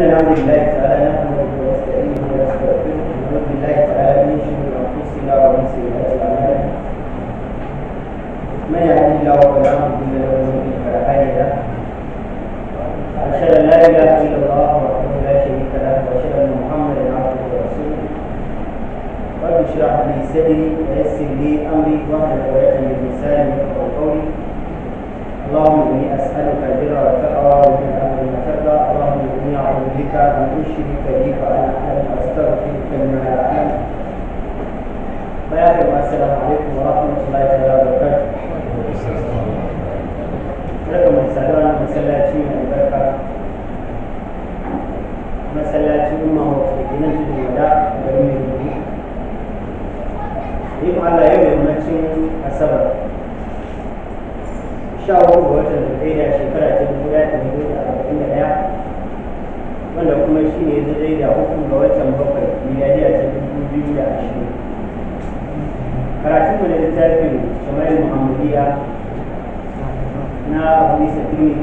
إن الحمد لله تعالى نحمده ونستعينه ونستغفره ونعوذ بالله تعالى من شرور أنفسنا ومن سيئات أعمالنا من يهده الله فلا مضل له ومن يضلل فلا هادي له أشهد أن لا إله إلا الله وحده لا شريك له وأشهد أن محمدا عبده ورسوله رب اشرح لي صدري ويسر لي أمري واهل عقدة من لساني يفقهوا قولي اللهم إني أسألك البر والتقوى منك أن أشرك بي وأنا أعلم وأستغفرك لما لا أعلم السلام عليكم ورحمة الله تعالى وبركاته Barkan mai masallaci mai albarka masallacin mahauta ginin tudun da mai rubu. Yin Allah yau yammacin Asabar. Sha hudu ne daidai da uku ga watan bakwai miliyariya ta dubu biyu da ashirin karatunmu da littafin shamari muhammadiya na abu nisa mun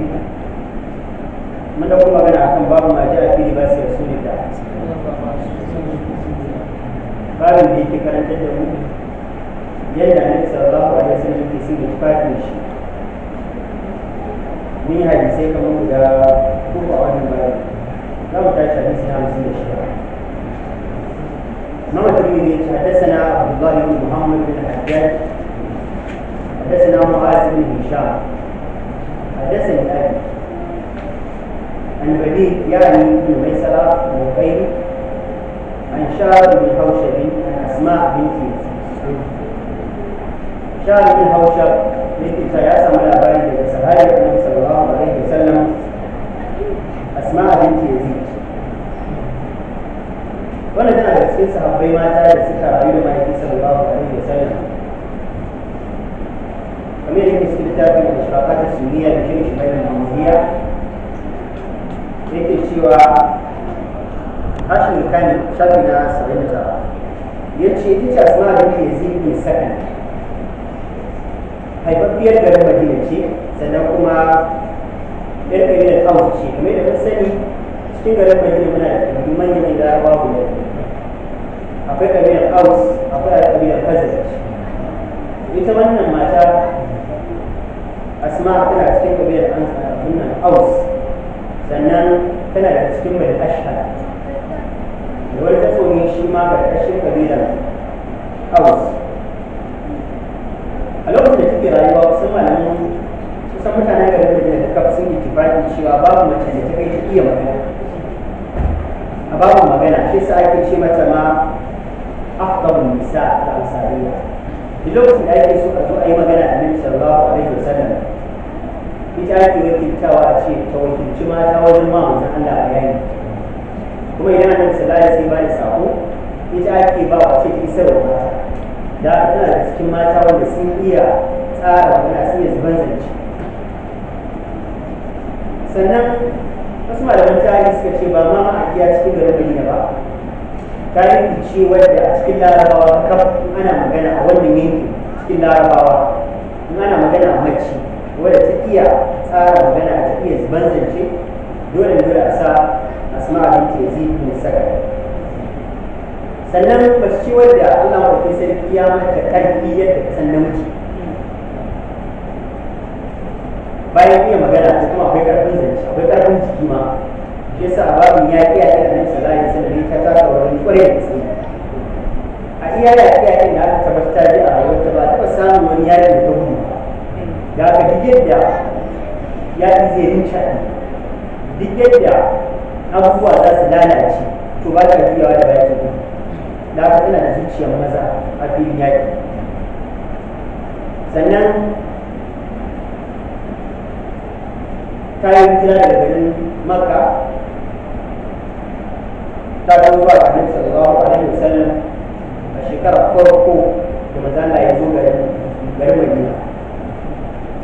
da kuma magana akan babu ma ji a fili ba su yasu da babin da yake karantar da mu yadda annabi sallallahu alaihi wasallam yake sun da fatin shi mun yi hadisai kamar guda uku a wannan babin لو تحدثنا مسلم الشرع ما الترمذي حدثنا عبد الله بن محمد بن الحجاج حدثنا معاذ بن هشام حدثني ابي عن بديل يعني بن ميسره وغيره عن شاب بن حوشب عن اسماء بنت شاب بن حوشب بنت يا سمع بارك الله صلى الله عليه وسلم أسماء بنت يزيد wannan tana da cikin sahabbai mata da suka rayu da mahaifi sallallahu alaihi da sallam kamar yadda cikin littafin da shafata suniya da shirin shibai da mamudiya yake cewa ashirin kani shafi na saba'in da tara ya ce ita asma da ke zai sakan haifaffiyar garin madina ce sannan kuma ɗan ƙabilar kawo ce kamar da kan sani cikin garin madina muna da manyan da babu da akwai ƙabilar aus akwai ƙabilar hazard ita wannan mata asma tana cikin ƙabilar annan aus sannan tana da cikin mai ashar da wani tafomi shi ma ga ƙashin ƙabilar aus a lokacin da take rayuwa kusan malamin kusan mutanen garin da ta kafa sun yi tibaki cewa babu mace da ta kai ta iya magana a babu magana shi sa ake ce mata ma أفضل النساء الأنصارية في لوقت الآية سورة أي مجانا النبي صلى الله عليه وسلم ita ake wakiltawa a ce ta wakilci mata wajen ma manzon Allah bayani kuma idan annabi sallallahu sai wasallam ya sako ita ake ba wa ce isar wa mata da tana da cikin mata wanda sun iya tsara wanda sun iya zuban zance sannan wasu malaman tarihi suka ce ba ma ma'akiya cikin garin ba tarihi ce wadda a cikin larabawa kaf ana magana a wannan yanki cikin larabawa in ana magana a mace wadda ta iya tsara magana ta iya banzance dole dole a sa asma binti yazid bin sakar sannan ba ce wadda Allah maɗaukin sarki ya mata ƙarfi yadda ta san namiji bayan iya magana ta kuma akwai ƙarfin zance akwai ƙarfin jiki ma shi yasa babin ya kiyaye da nan alƙur'ani sun bi ta taka wani ƙure da su a iya yaƙi da aka tabbatar da a rayuwarta ba taɓa samun wani yaron da ta da aka duk yadda ya fi zai rinca duk yadda abubuwa za su lalace to ba ta juyawa da baki da aka tana da zuciyar maza a filin yaƙi sannan ta yi jira daga garin makka ta dawo zuwa ga Annabi sallallahu alaihi wasallam a shekara farko da manzo ya zo garin garin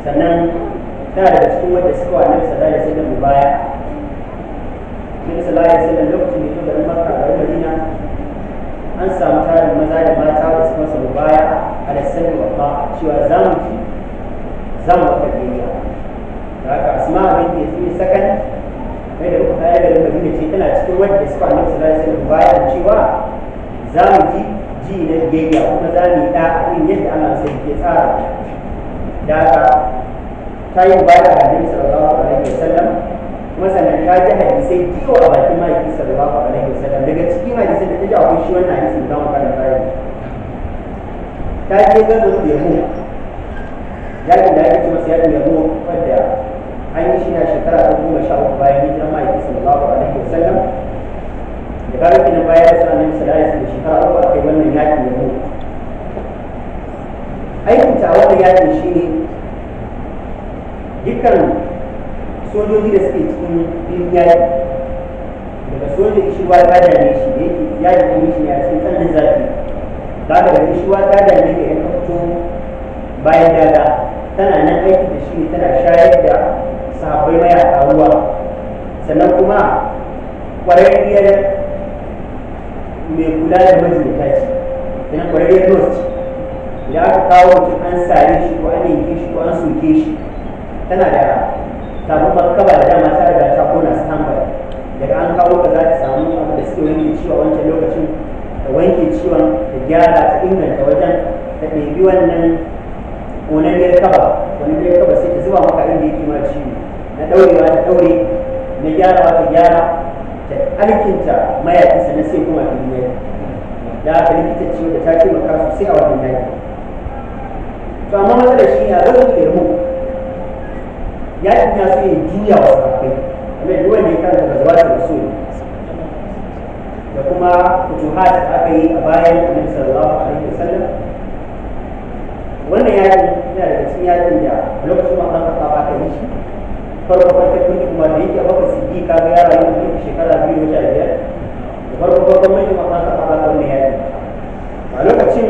sannan tana daga cikin wanda suka wa Annabi sallallahu alaihi wasallam baya Annabi sallallahu alaihi wasallam lokacin da ya garin Makka garin Madina an samu tarin maza da mata da suka masa baya a da sanin babba cewa za mu ci za mu wata da haka asma abin da ya kai da kuma ayar da Madina ce tana cikin wadda suka annabi sallallahu alaihi wasallam bayan cewa za mu ji ji na biyayya kuma za mu yi da irin yadda ana sai ke tsara da ta yi ba bada hadisi sallallahu alaihi wasallam kuma sannan ta ji hadisai kiwo a bakin mahaifi sallallahu alaihi wasallam daga cikin hadisai da ta ji akwai shi wannan hadisi da mu karanta yau ta je gazon lemu yakin da ake ce masa yakin lemu wadda an yi shi a shekara ta goma sha uku bayan hijiran ma'aikin sallallahu alaihi wa sallam da kare kina bayan da sanin sallallahu da shekara uku a kai wannan yaƙi da mu aikin tawa da yaƙin shi ne dukkan sojoji da suke cikin bin yaƙi daga soja ishiwa ta dame shi ne yake yaƙi da shi a cikin tsallin zafi ba daga ishiwa ta dame da ya tun bayan daga tana nan aiki da shi ne tana shayar da sahabbai maya ruwa sannan kuma ƙwararriyar mai kula da majalita ce sannan ƙwararriyar nurse ce da aka kawo mutum an sare shi ko an yanke shi ko an soke shi tana da sabon makaba da dama ta riga ta kona standby daga an kawo ka za ta samu abu da suke wanke ciwo wancan lokacin da wanke ciwon da gyara ta inganta wajen ta ɗebi wannan ƙonanniyar kaba ƙonanniyar kaba sai ta zuba maka inda yake ma ciwo na daurewa ta daure na gyarawa ta gyara ta alkinta mayafi na sai kuma ta duniya da aka likita ciwo da ta taimaka sosai a wannan yaki to amma matsalar shi a ranar ilmu yakin ya so ya juya wa sahabbai kamar duk wanda ya kanta da zuwa da so da kuma futuhat da aka yi a bayan annabi sallallahu alaihi wasallam wannan yaƙi yana da cikin yaƙin da lokacin ma kan kafa ba ta yi shi सर्वप्रथम की उम्र ली जब सिद्धि का गया और उनकी शिखर आदमी हो जाएगी सर्वप्रथम में वहां का पाला करने है मालूम अच्छी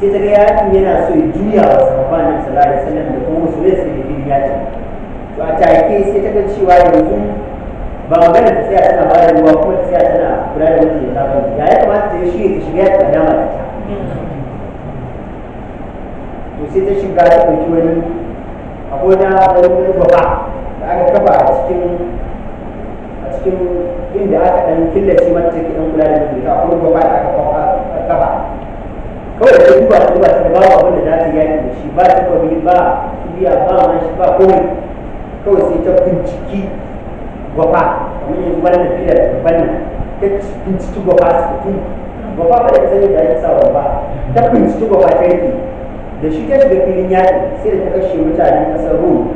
sai ta ya yana so ya juya wa sahabbanin sallallahu alaihi wasallam da kuma wasu zai sai ya ce to a take sai ta ga cewa yanzu ba magana ta tsaya tana bayar ruwa kuma ta tsaya tana kula da mutum ta ba ya ya kamata ta shirya ta shiga ta dama da ta to sai ta shiga ta ɗauki wani akwai na wani baba da aka kafa a cikin a cikin inda aka ɗan killace mata take dan kula da mijinta akwai baba da aka kafa kawai da duba ta duba ta wa wanda za ta yaki da shi ba ta kwabi ba biya ba man shi ba komai kawai sai ta binciki gwaba kamar yanzu wannan fiye da wannan ta binciki gwaba su gwaba ba da ta yi da ya sa ba ta binciki gwaba ta yi da shigar da filin yaƙi sai da ta kashe mutanen ƙasar rum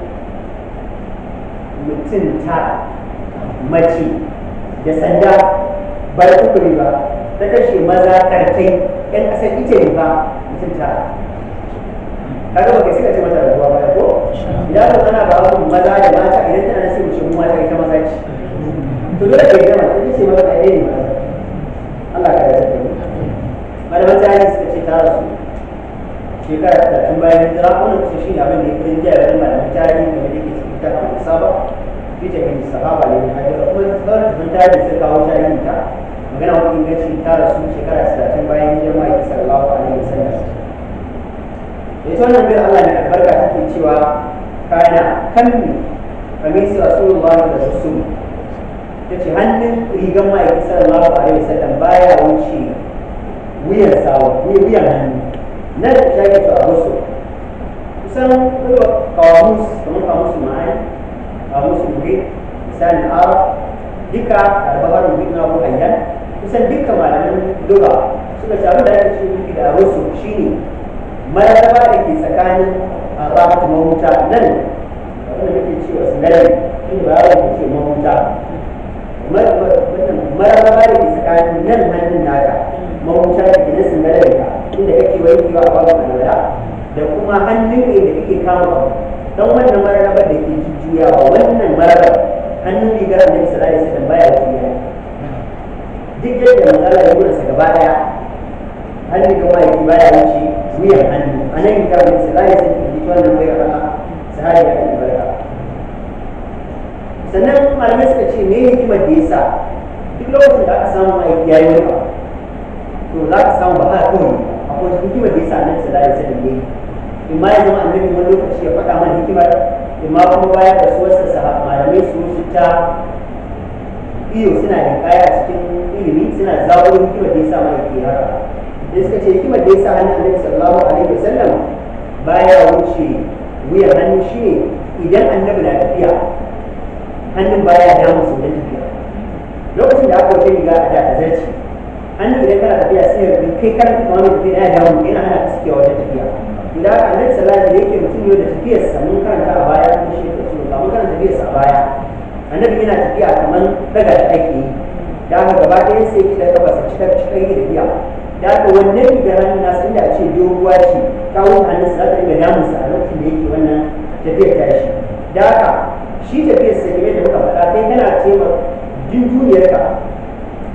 mutum ta mace da sanda ba da kukuri ba ta kashe maza ƙarfai ƴan ƙasar ne ba mutum ta kaga ba ka sika ce mata ruwa ba ko idan ka tana ba abun maza da mata idan tana sai mace mu mata ita maza ce to dole ka yi gama ta ce mata ɗaya ne maza Allah ka yarda da mu ta yi suka ce ta rasu shekara talatin bayan hijira wannan kusa abin da ya kudin jiya wani malamin tarihi game da yake cikin tafi da saba fi tafi da sahaba ne a yau kuma sauran tafin tarihi sun kawo tarihi ta magana wani inganci ta rasu shekara talatin bayan hijira ma yake sallallahu alaihi wasallam da ita wannan bin Allah ne albarka take cewa kana kan kamisi rasulullahi da rasul ta ce hannun rigan ma'aikisar sallallahu alaihi wasallam baya wuce wuyan sawa wuyan hannu Nada chega para você. Misal, kalau kamus, kamu kamus main, kamus mungkin, misal Arab, dika, ada bahan mungkin nak bukayan, misal dika malaman doa. Sudah cakap dari sini tidak rusuh sini. Malah ini sekarang Arab mau cakap dan, kalau kita cuci sendiri, ini baru cuci mau cakap. Malah malah ini sekarang dan mana nak, mau cakap kita sendiri kan. jikin da kake wai ba a babu alwala da kuma hannun ne da kake kama don wannan mararaba da ke jujjuyawa wannan mararaba hannun ne gara annabi sallallahu su da baya juya duk yadda matsala ya gudu gaba daya hannun ga mahaifi baya wuce wuyan hannu a nan yi mai sallallahu su da ji wannan bai su hari a kan barka sannan malamai suka ce me hikimar da ya sa duk lokacin da aka samu mahaifi ya yi wani to za ka samu ba haka kawai akwai wata hikimar da ya sa annabi sallallahu alaihi wasallam yayi in ma ya zama annabi wani lokaci ya faɗa mana hikimar in ma kuma bayan da su wasu malamai su su ta iyo suna da kaya cikin ilimi suna zaɓo hikimar da ya sa mana ke haka da suka ce hikimar da ya sa hannun annabi sallallahu alaihi wasallam baya wuce wuyan hannu shine idan annabi na tafiya hannun baya damu su tafiya lokacin da aka wuce riga a da zarci an idan kana tafiya sai ya rubi kai kan wani mutum yana dawo mutum yana hana ka sikewa wajen tafiya idan aka annabi sallallahu alaihi yake mutum yau da tafiyarsa mun karanta a baya mun shi da ba mun karanta tafiyarsa a baya annabi yana tafiya kamar daga da ake yi da haka gaba ɗaya sai ki da gabasa cikar cikar da biya da haka wannan rigar hannun nasu inda a ce doguwa ce kawo hannun sa za ta riga damunsa a lokacin da yake wannan tafiyar shi da haka shi tafiyar sa kamar da muka faɗa kai kana taimaka jinjuriyarka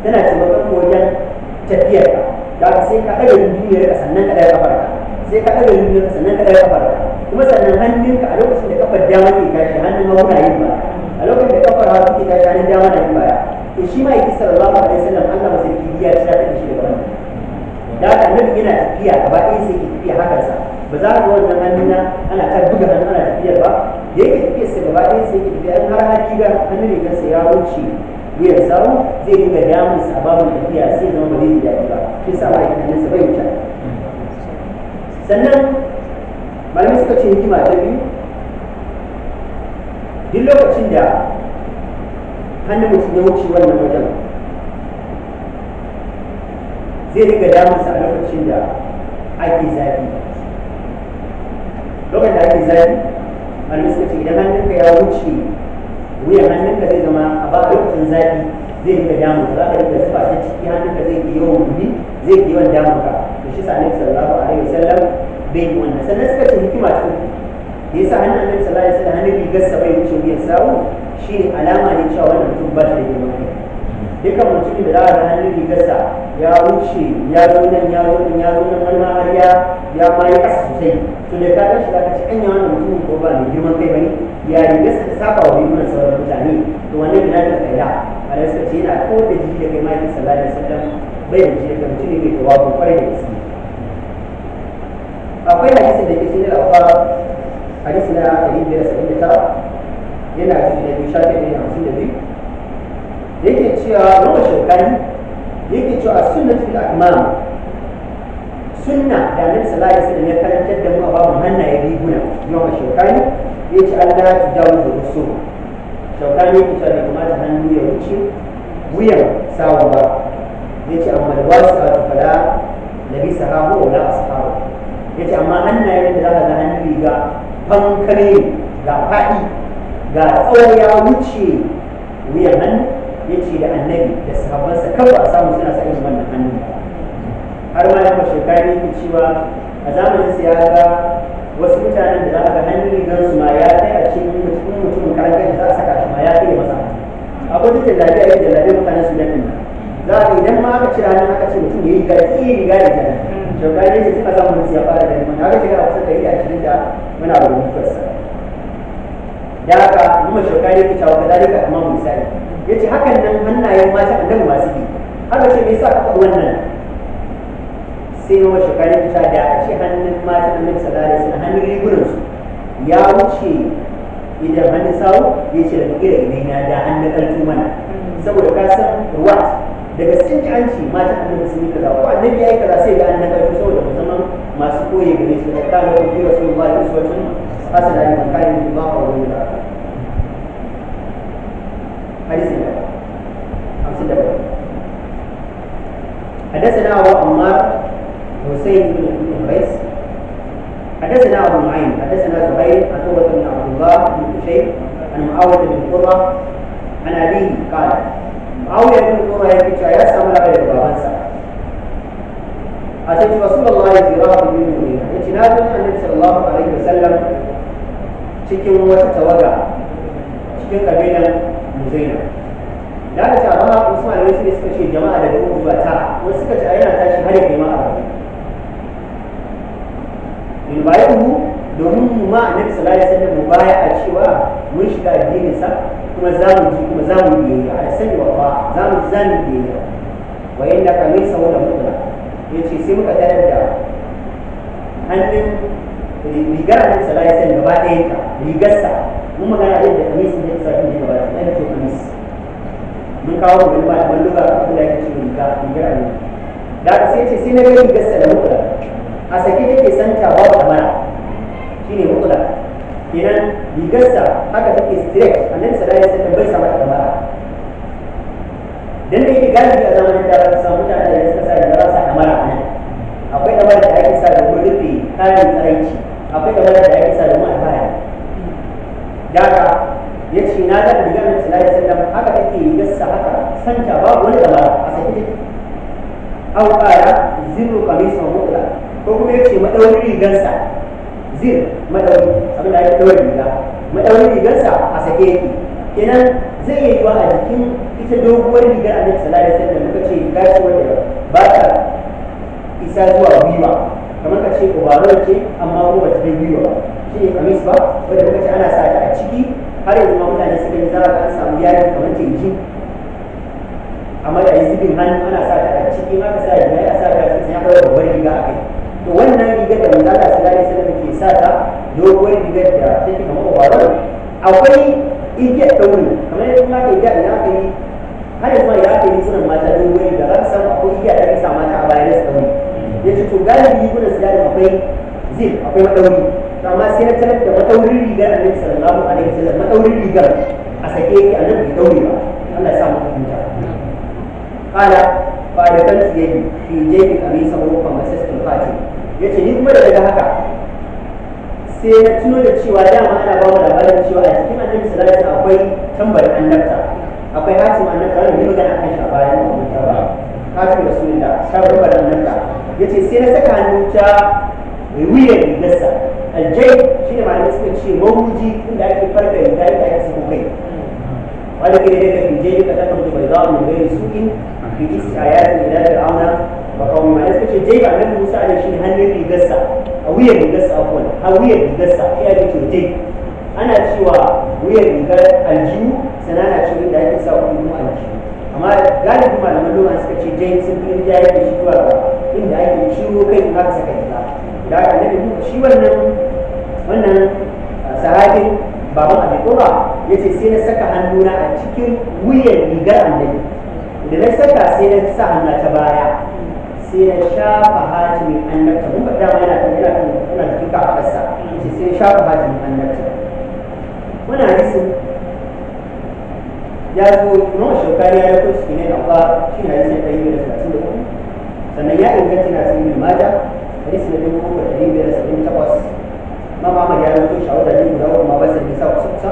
tana taimakon wajen tafiyar ka da sai ka ɗaga rinjiniyar ka sannan ka ɗaga kafar ka sai ka ɗaga rinjiniyar ka sannan ka ɗaga kafar ka kuma sannan hannun ka a lokacin da kafar dama ke tashi hannun hagu na yin ba a lokacin da kafar hagu ke tashi hannun dama na yin ba to shi ma yake sallallahu alaihi wasallam Allah masa bibiya ta ta shi da wannan da haka annabi yana tafiya gaba ɗaya sai ke tafiya hakan sa ba za ka wannan hannun na ana ta buga hannun ana tafiyar ba da yake tafiyar sa gaba ɗaya sai ke tafiya har har riga hannun rigar sa ya wuce wuyar sawu zai dinga damun sa babu tafiya sai zama ba zai ji daɗi ba shi sa ba tunanin sa bai wuce sannan malamai suka ce hikima ta biyu duk lokacin da hannun mutum ya wuce wannan wajen zai dinga damun sa lokacin da ake zafi lokacin da ake zafi malamai suka ce idan hannunka ya wuce wuyan hannunka zai zama a ba lokacin zafi zai rika damu za ka rika zuba ta ciki hannunka zai ke yawan gumi zai ke yawan damu ka to shi sa annabi sallallahu alaihi wasallam bai yi wannan sannan suka ce hikima uku da yasa hannun annabi sallallahu alaihi wasallam hannun rigarsa bai wuce wuyan sawu shi ne alama ne cewa wannan mutum ba shi da girman kai dukkan mutumin da za a ga hannun rigarsa ya wuce ya zo nan ya zo nan ya zo nan wani ma har ya ya ma yi kasa sosai to da ka ga shi ka ci anya wannan mutumin ko ba mai girman kai ba ne yayin da suka saba wa biyunan sauran mutane to wannan yana da a da suka ce yana ko da jiki da kai maki sallallahu alaihi wasallam bai da jiki da kai mutum ne mai ko kwarai da gaske akwai kisa da ke cikin a hadisi na ɗari biyar da saba'in da tara yana cikin da biyu shafi ɗari hamsin da biyu yake cewa nuna shirkani yake cewa suna cikin akmam sunna da nan sallallahu alaihi wasallam ya karantar da mu a babu hannaye riguna yawan shirkani ya ce an da ta jawo da wasu shauka ne ki ta da kamata hannu ya wuce wuyan sawa ba ya ce amma da wasu a tafala da bisa hahu wala ashabu ya ce amma hannayen da za ka ga hannu riga fankare ga faɗi ga tsawon ya wuce wuyan hannu ya ce da annabi da sahabbansa kawai a samu suna sa irin wannan hannu har ma ya fashe kare yake cewa a zamanin sa ya ga wasu mutanen da za ka hanyoyi nan su ma ya kai a cikin mutum mutum karankan za a saka shi ma ya kai masa akwai da jallabi a yi jallabi mutane su da za a idan ma aka cira nan aka ce mutum ya yi ga yi riga da jana shugaba ne suka samu mutum ya fara da neman haka shiga a kusa da ashirin da muna wani fasa ya haka kuma shugaba ne ta wata dalika kamar misali ya ce hakan nan hannayen mata a dan masu bi haka ce me yasa ka wannan sai yawan shekarun ta da a ce hannun mata annabi mai alaihi suna hannun rigunansu ya wuce idan hannun sawu ya ce da daga gida idaina da hannun kaltu mana saboda ka san ruwat daga sun ci hanci mata da mai yi kaza ko annabi ya yi kaza sai ga annabi kaltu saboda mu zama masu koyi gare shi da kama da kira su ba da su wacin asala ba wani da hadisi da 57 حدثنا أبو عمار الحسين بن ابن قيس حدثنا ابو نعيم حدثنا زهير عن عروه بن عبد الله بن بشير عن معاويه بن قره عن ابيه قال معاويه بن قره يبكي يا سمر غير بابنسا أتيت رسول الله في رهب بن مؤمن اجتناب النبي صلى الله عليه وسلم cikin wata tawaga cikin kabilan muzaina da aka ce a rama usman ne suka ce jama'a daga uku zuwa ta wasu suka ce a yana tashi har ya kai ma a rabu yubayihu domin mu ma annabi sallallahu alaihi wasallam mu baya a cewa mun shiga addinin sa kuma za mu ji kuma za mu biyayya a sani wa ba za mu ji za mu biyayya wa inda ka min sawala mutla yace sai muka tarar da hannun rigar annabi sallallahu alaihi wasallam gaba ɗaya ta rigarsa mun magana yadda kamis ne ya saki ne gaba ɗaya ta to kamis mun kawo mu ba ban ba abin da yake cikin riga rigar annabi da sai ce sai na ga rigarsa da mutuna a saki take santa babu kamara shine mutlaq kenan rigarsa haka take a nan sallallahu alaihi wasallam bai sa mata kamara dan da yake gani a zamanin da ba samu mutane da suka sa da sa kamara nan akwai kamar da yake sa da gurbi kare tsaraici akwai kamar da yake sa da ma'abaya daga ya ce na da rigar annabi sallallahu alaihi ta haka take rigarsa haka santa babu wani kamara a saki take au qala zinu qamisahu mutlaq ko kuma ya ce maɗaurin rigarsa zir maɗauri abin da ake ɗaura riga maɗaurin rigarsa a sake yake kenan zai iya yiwa a jikin ita doguwar rigar annabi sallallahu alaihi wasallam muka ce riga ce wanda ba ta isa zuwa gwiwa kamar ka ce ubarar ce amma ko ba ta kai gwiwa shi ne kamis ba wanda muka ce ana sa ta a ciki har yanzu ma mutane suka yi zara an samu yari kamar jinki amma da yi zubin hannu ana sa ta a ciki ma ka sa riga a sa ta a cikin ya kawai babbar riga a kai to wannan rigar da manzo Allah sallallahu alaihi wasallam ke sa ta doguwar rigar da take kamar obarar akwai igiyar dauri kamar yadda kuma ke da ina aka yi har yanzu ya aka yi sunan mata doguwar da za ka samu akwai igiyar da ake sa mata a bayan su dauri yace to galibi rigunan su da akwai zil akwai madauri amma sai na tarar da madaurin rigar annabi sallallahu alaihi wasallam madaurin rigar a sake yake annabi bai daure ba Allah ya sa mu fahimta qala ba da kan tsiye fi jefi kamisa ko kuma sistin fati ya ce ni kuma da daga haka sai na tuno da cewa dama ana ba mu labarin cewa a cikin annan sallallahu akwai tambarin annabta akwai hatim annabta wanda ya magana akan shi a bayan annabta ba hatim rasulullah sabon bada annabta ya ce sai na saka hannu ta wuyar rigarsa aljai shi ne malamai suka ce mahuji inda ake farga riga da ake sako kai wanda ke da daga fi jefi ka tabbata bai za mu su in fi istiyayati ila fir'auna wa qaumi ma suka ce jaiba annabi Musa ne shi hannun rigarsa a wuyan rigarsa afwan a wuyan rigarsa shi ake ce jaiba ana cewa wuyan rigar aljihu sannan ana cewa inda ake sa kuɗi kuma aljihu amma galibin malaman loma suka ce jai sun fi rinja yake shi zuwa ba inda ake ciwo kai in aka saka riga da aka nabi shi wannan wannan sahabin baban abin ya ce sai na saka hannuna a cikin wuyan rigar annabi da na saka sai na sa hannu ta baya sai na shafa hatimin annabta mun faɗa ma yana yana yana cikin kafarsa yace sai na shafa hatimin annabta wannan hadisin ya zo imam shokari ya ko shi ne amma shi ne hadisin ɗari biyar da talatin da uku sannan ya inganta na cikin yin mata hadisin da dubu uku da ɗari biyar da saba'in takwas ma ma ya rubuto shawarar da guda uku ma ba sai nisa kusa kusa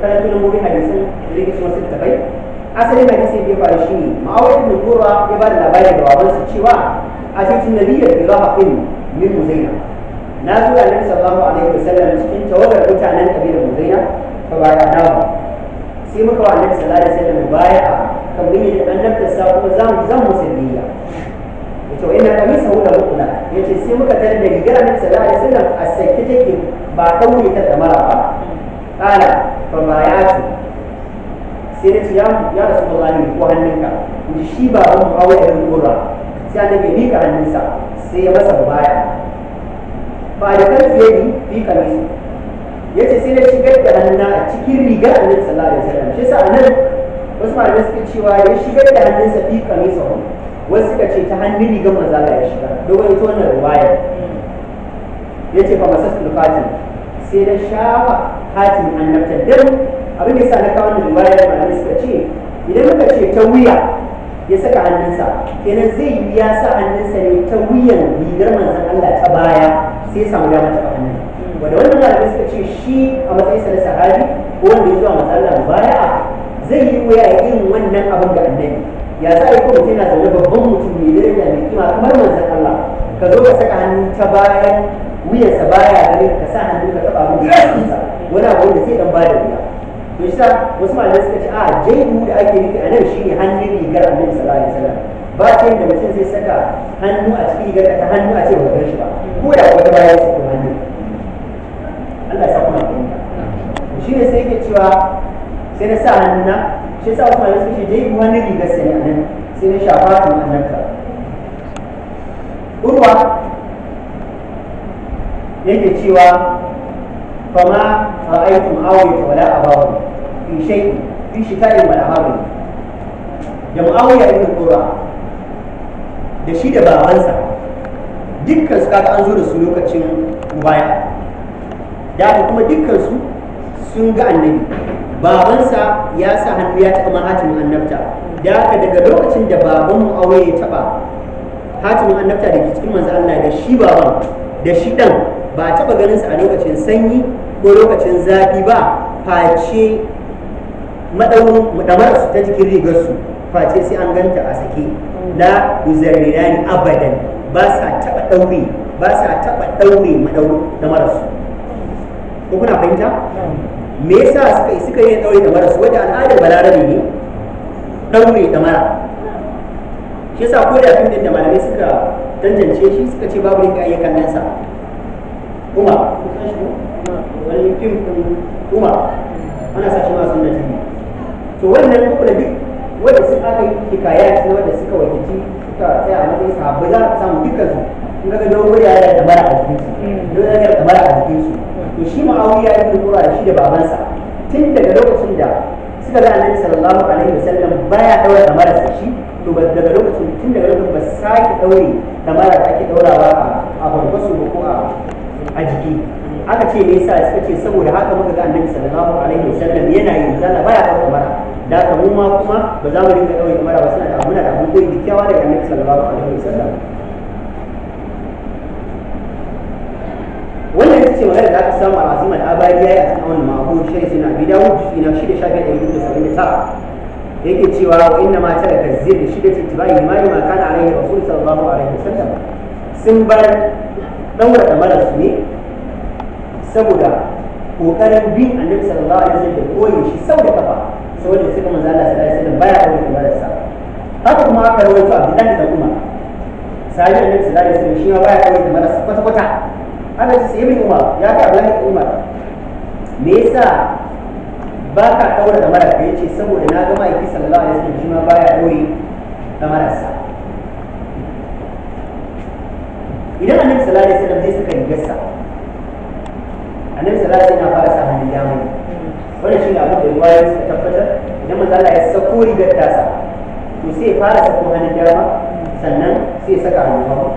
kana tuna mu hadisin da yake wasu tafai asalin hadisin da ya faru shi ne ma'awai ibn qura ya ba da labarin da babansa cewa a cikin da nabiyyi ibrahim min muzaina na zo da annabi sallallahu alaihi wasallam cikin tawagar mutanen kabilar muzaina fa ba da nawa sai muka wa annabi sallallahu alaihi wasallam baya kan bayyana annabta sa kuma zamu zamu sirriya to ina kamisa hula hukuna ya ce sai muka tare da rigar annabi sallallahu alaihi wasallam a sake take ba ɗaure ta damara ba ƙala fa bayati sai na ce ya ya rasulullahi ko hannunka in ji shi ba wani kawo da rubura sai bi ya mika hannunsa sai ya masa baya ba da kan tsaye bi kamisi ya ce sai na shigar da hannuna a cikin rigar annabi sallallahu alaihi wasallam shi sa nan wasu da suka cewa ya shigar da hannunsa bi kamisa wasu suka ce ta hannun rigar manzala ya shiga dogon ita wannan ruwaya ya ce fa masas tulfatin sai da shafa hatimin annabta din abin da sa na kawo wannan riwaya da malamai suka ce idan muka ce ta wuya ya saka hannunsa kenan zai yi ya sa hannunsa ne ta wuyan rigar manzon Allah ta baya sai ya samu dama ta hannun wanda wannan malamai suka ce shi a matsayinsa na sahabi ko wanda ya zuwa manzon baya zai yi wuya irin wannan abin da annabi ya sa ya kuma yana zaune babban mutum mai da mai kima kamar manzon Allah ka zo ka saka hannu ta bayan wuyarsa baya gare ka sa hannu ka taba mu sa wani abu wanda sai dan bada wuya to shi wasu malamai suka ce a jaibu da ake nufi a nan shine hannun rigar annabi sallallahu alaihi wasallam ba ta yadda mutum zai saka hannu a cikin rigar ta hannu a ce ba shi ba ko da wata baya ya saka hannu Allah ya sa kuma shi ne sai yake cewa sai na sa hannu hannuna shi sa wasu malamai suka ce jaibu hannun rigar sai na nan sai na shafa kuma annabta urwa yake cewa fama ra'aytum awiya wala abawa fi shay'in fi shita'in wal ne. da ya ibn urwa da shi da babansa dukkan su kaga an zo da su lokacin waya. da aka kuma dukkan su sun ga annabi babansa ya sa hannu ya taɓa mahatin annabta da aka daga lokacin da baban muawiya ya taɓa hatimin annabta da ke cikin manzo Allah da shi baban da shi dan ba a taba ganin sa a lokacin sanyi ko lokacin zafi ba face madaurin damar su ta jikin rigar su face sai an ganta a sake la uzarrirani abadan ba sa taba daure ba sa taba daure madauri damar su ko kuna fahimta me yasa suka suka yi daure da marasu wajen al'adar balarabe ne daure mara. shi yasa ko da abin da malamai suka tantance shi suka ce babu rinka ayyukan nan sa kuma wani fim kuma ana sa shi ma sunna tv to wannan kuma duk wanda suka aka hikaya ne wanda suka wakilci suka tsaya a matsayin sahabbai za ka samu dukkan su in kaga dogon murya yana da bara a jikin su don yana da bara a jikin su to shi ma'awiya ibn qura shi da babansa tun daga lokacin da suka ga annabi sallallahu alaihi wasallam baya daura damara sa shi to daga lokacin tun daga lokacin ba sake daure damara da ake daurawa a farfasu ko a jiki aka ce me yasa suka ce saboda haka muka ga annabi sallallahu alaihi wasallam yana yin zalla baya daura damara da haka mu ma kuma ba za mu rinka daure damara ba suna da abuna da abun koyi kyakkyawa daga annabi sallallahu alaihi wasallam wannan ita ce magana da aka samu a azimar abariya ya cikin wani mahu shari suna bi dawo shi na shida sha biyar da yudu saba'in da tara da yake cewa wa inna ma tara kazzir da shida ce tibayi ma da ma kana alaihi rasul sallallahu alaihi wasallam sun bar daura da su ne saboda kokarin bin annabi sallallahu alaihi wasallam da koyi shi sau da kafa saboda suka manzo Allah sallallahu alaihi wasallam baya daura da marasa haka kuma aka rawaito Abdullahi da Umar sahabi annabi sallallahu alaihi wasallam shi ma baya daura da marasa kwata kwata ana ce sai ibn umar ya ga abdullahi umar me yasa ba ka daura da maraka yace saboda na ga ma'aiki sallallahu alaihi wasallam shi ma baya daure da marasa idan annabi sallallahu alaihi wasallam zai saka rigarsa annabi sallallahu alaihi wasallam fara sa hannun dama wannan shi ne abin da ruwaya suka tabbatar idan manzo Allah ya sako rigar tasa to sai fara sako hannun dama sannan sai ya saka hannun hagu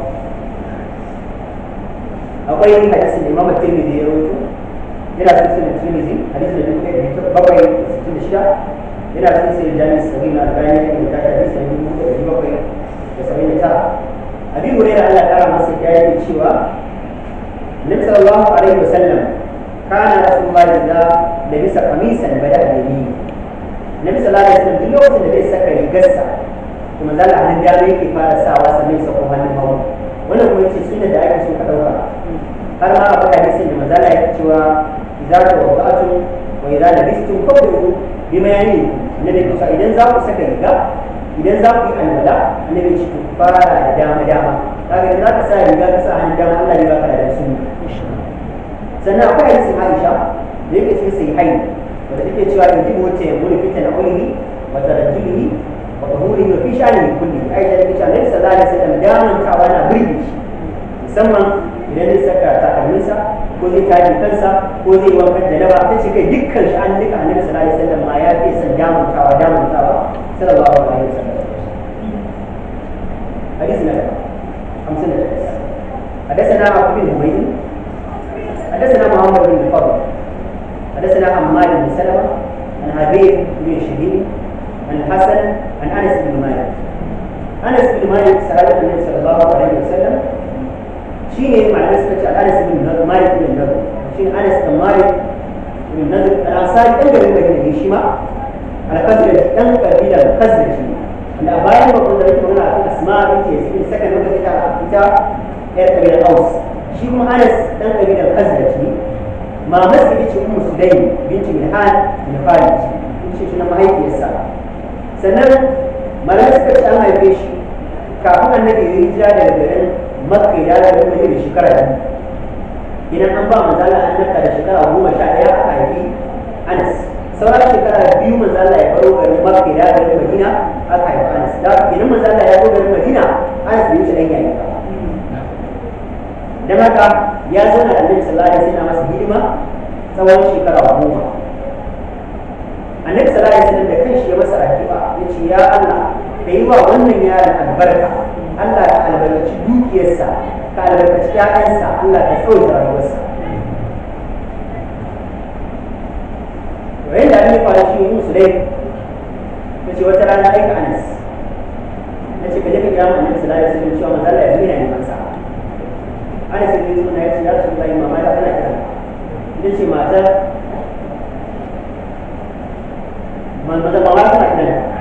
أقول حديث الإمام الترمذي يرويه إلى حديث الترمذي حديث الذي بقي ستين الشيعة إلى حديث الجامع السبيل الأربعين من ذاك حديث الذي بقي سبعين تاع أبي هريرة الله تعالى ما سكاية شوى النبي صلى الله عليه وسلم كان رسول الله إذا لبس قميصا بدأ به النبي صلى الله عليه وسلم duk lokacin da zai saka rigarsa kuma zalla hannun dama yake fara sawa sannan ya sako hannun hagu wannan kuma yace sunna da ake so ka dauka har ma akwai hadisin da manzala ya cewa idza tawadda'tum wa idza labistum fabdu bima yani annabi kusa idan za ku saka riga idan za ku yi alwala annabi ce ku fara da dama dama kaga za ka sa riga ka sa hannun dama Allah ya baka da sunna sannan akwai hadisin Aisha da yake cikin sahihai wanda take cewa in ji wace muni fitana ulhi wa tarajjulihi wa tahurihi wa fi sha'ani kulli Aisha take cewa ne sai da wasallam daman tawa na burge musamman idan zai saka takalminsa ko zai taji kansa ko zai wankan janaba ta ce kai dukkan shi an duka annabi sallallahu alaihi wasallam ma ya fi san damuntawa damuntawa sallallahu alaihi wasallam hadisi na hamsin da takwas حدثنا عبد بن حميد حدثنا محمد بن الفضل حدثنا عمار بن سلمه عن حبيب بن شهيد عن الحسن عن انس بن مالك انس بن مالك سالت النبي صلى الله عليه وسلم شين يعني معناه سبتش أنس بن نضر مالك بن نضر شين أنس بن مالك بن نضر الأنصار تنقل من بين هيشما على قدر تنقل إلى القزر شين الأبائل ما كنا نقول على أسماء بنت يزيد بن سكن وقت كتاب كتاب إرتب إلى الأوس شين أنس تنقل إلى القزر شين ما مس بنت أم سليم بنت ملحان بن خالد شين شين شنو ما هي في السنة سنة ما لا يسكت أنا يبيش كأنه النبي يجرى للبرن makka ya da kuma da shekara biyu idan an ba manzala an naka da shekara goma sha ɗaya a haifi anas sauran shekara biyu manzala ya faro gari makka ya da kuma madina a haifi anas da idan manzala ya zo garin madina anas bai wuce ɗan yayi ba dan ya zauna da annabi sallallahu alaihi wasallam masa hidima tsawon shekara goma annabi sallallahu alaihi wasallam da kanshi ya masa rakiba ya ce ya Allah da yi wa wannan yaron albarka Allah ka albarkaci dukiyarsa ka albarkaci ƴaƴansa Allah ka tsawaita rayuwarsa yayin da an yi kwanaki musulai ya ce wata rana aika anas na ce ka ka kira mu annabi sallallahu alaihi wasallam cewa manzo Allah ya yana neman sa anas ibn zubair ya ce ya rasulullahi mama ta tana kira ita ce matar manzo Allah ta kira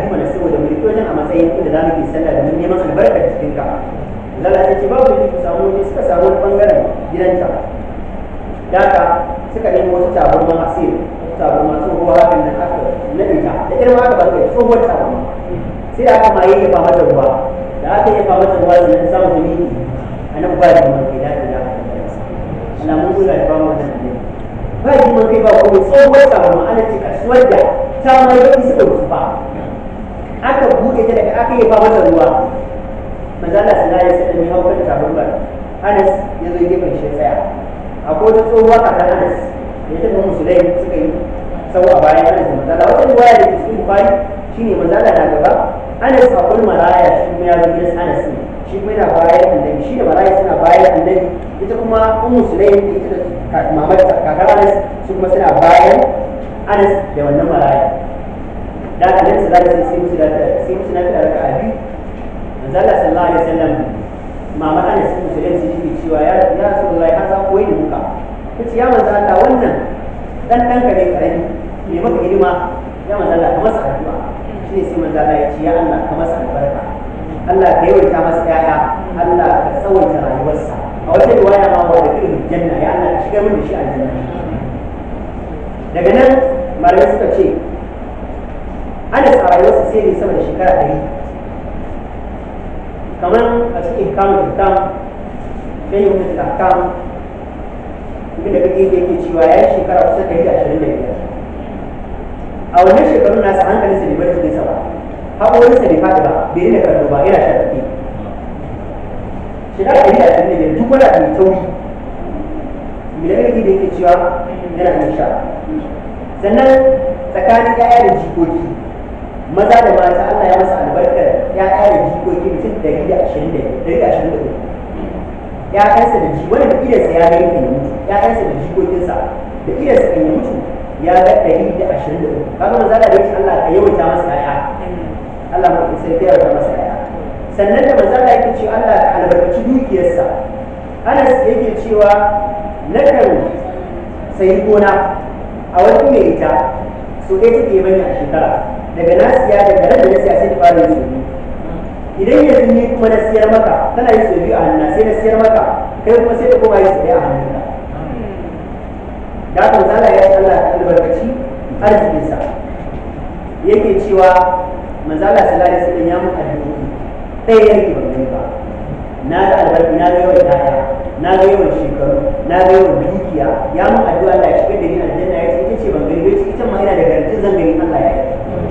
saboda mu rike wajen a matsayin inda za mu ke sallah da mun neman albarkar cikin ka lalace ce babu ne ku samu ne suka samu wani bangaren gidanta daga suka nemo wata tabarma asiri tabarma tsohuwa hakan nan aka naɗe ta da irin haka ba kai tsohuwar tabarma sai da aka ma yi ba mata ruwa da aka yi mata ruwa sannan samu jini a nan ba da mafi daɗi da aka mun gula da bamu wannan ne ba ji mun kai ba ko tsohuwar tabarma ana ce kasuwar da ta ma yi suka ba. aka buɗe ta daga aka yi ba mata ruwa maza su laye su ɗan hau kan tabar Anas ya zo gefen shi tsaya akwai wata tsohuwa kakar Anas da ita da musulai suka yi sau a bayan Anas da mazala wata ruwa ya ke cikin Bukhari shi maza mazala na gaba Anas akwai maraya shi kuma ya zo gidan Anas ne shi kuma yana bayan annabi shi da maraya suna bayan annabi ita kuma su sulai ita da mamar kakar Anas su kuma suna bayan Anas da wannan maraya da ka nan salati sai musu da sai musu na da ka abi manzo Allah sallallahu alaihi wasallam mama ana sai musu dan sidi cewa ya ya rasulullahi an za koyi da muka kace ya manzo ta wannan dan dan ka ne karami me maka hidima ya Manzala ta masa sa addu'a ne sai Manzala ya ce ya Allah kamar sa albarka Allah ka yawaita masa yaya Allah ka tsawaita rayuwarsa a wata riwaya ma wa da irin janna ya Allah ka shiga min da shi aljanna daga nan malamai suka ce ana a wasu sai ne sama da shekara ɗari kamar a cikin kamun da kam sai yi da kam inda da yake cewa ya yi shekara wasu ɗari da ashirin da biyar a wannan shekarun nasa hankalinsa ne bari nesa ba haƙorinsa ne fata ba bai rina karɗo ba yana sharafi shekara ɗari da ashirin da biyar duk wani abu mai tauri mai da kake da yake cewa yana mai sha sannan tsakanin 'ya'ya da jikoki maza da mata Allah ya masa albarkar ya ƙara jikoki mutum ɗari da ashirin da ɗari da ashirin da uku ya kansa da ji wanda sa ya gani kan mutu ya kansa da jikokinsa da idansa kan mutu ya ga ɗari da ashirin da uku kaga maza da yake Allah ka yawaita masa ƴaƴa Allah ma sai ka yawaita masa ƴaƴa sannan da maza da yake ce Allah ka albarkaci dukiyarsa Anas yake cewa nakan sayi gona a wani mai ita su ɗaya take manya a shekara daga nasiya siya daga ran da na siya sai ta fara yin sobi idan yanzu ni kuma na siyar maka tana yin sobi a hannu sai na siyar maka kai kuma sai ta koma yin sobi a hannun da haka misala ya ci Allah albarkaci arzikinsa yake cewa manzala salari alaihi ɗan ya a addu'o'i ɗaya yake ban gani ba na ga albarki na ga yawan daya na ga yawan shekaru na ga yawan dukiya ya mu addu'a Allah ya shiga da ni aljanna ya ce ita ce ban gani ba ita ma ina da garantin zan gani Allah ya yi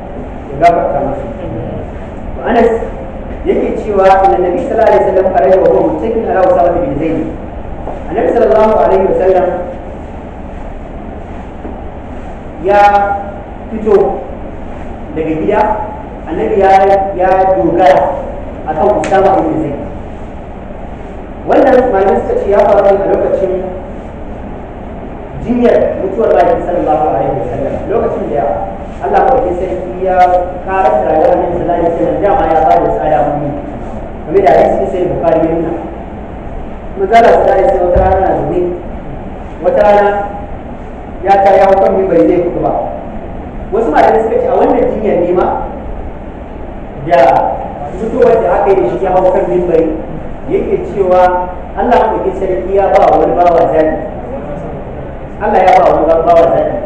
ya gafarta musu anas yake cewa inna nabi sallallahu alaihi wasallam kare wa huwa mutakin ala usama bin zaid annabi sallallahu alaihi wasallam ya fito daga gida annabi ya ya dogara akan usama bin zaid wannan malamai suka ce ya faru a lokacin jinyar mutuwar bayan sallallahu alaihi wasallam lokacin da ya Allah ko ke sai ya karar da rayuwar annabi sallallahu alaihi da ma ya ba da tsaya mu kuma da hadisi sai bukari yana manzala sallallahu alaihi sai wata rana ne wata rana ya ta ya hukum min bai zai ba. wasu malamai suka ce a wannan jinyar ne ma da mutuwar da aka yi shi ya hau kan mimbari yake cewa Allah ko ke sarki ya ba wani bawa zani Allah ya ba wani bawa zani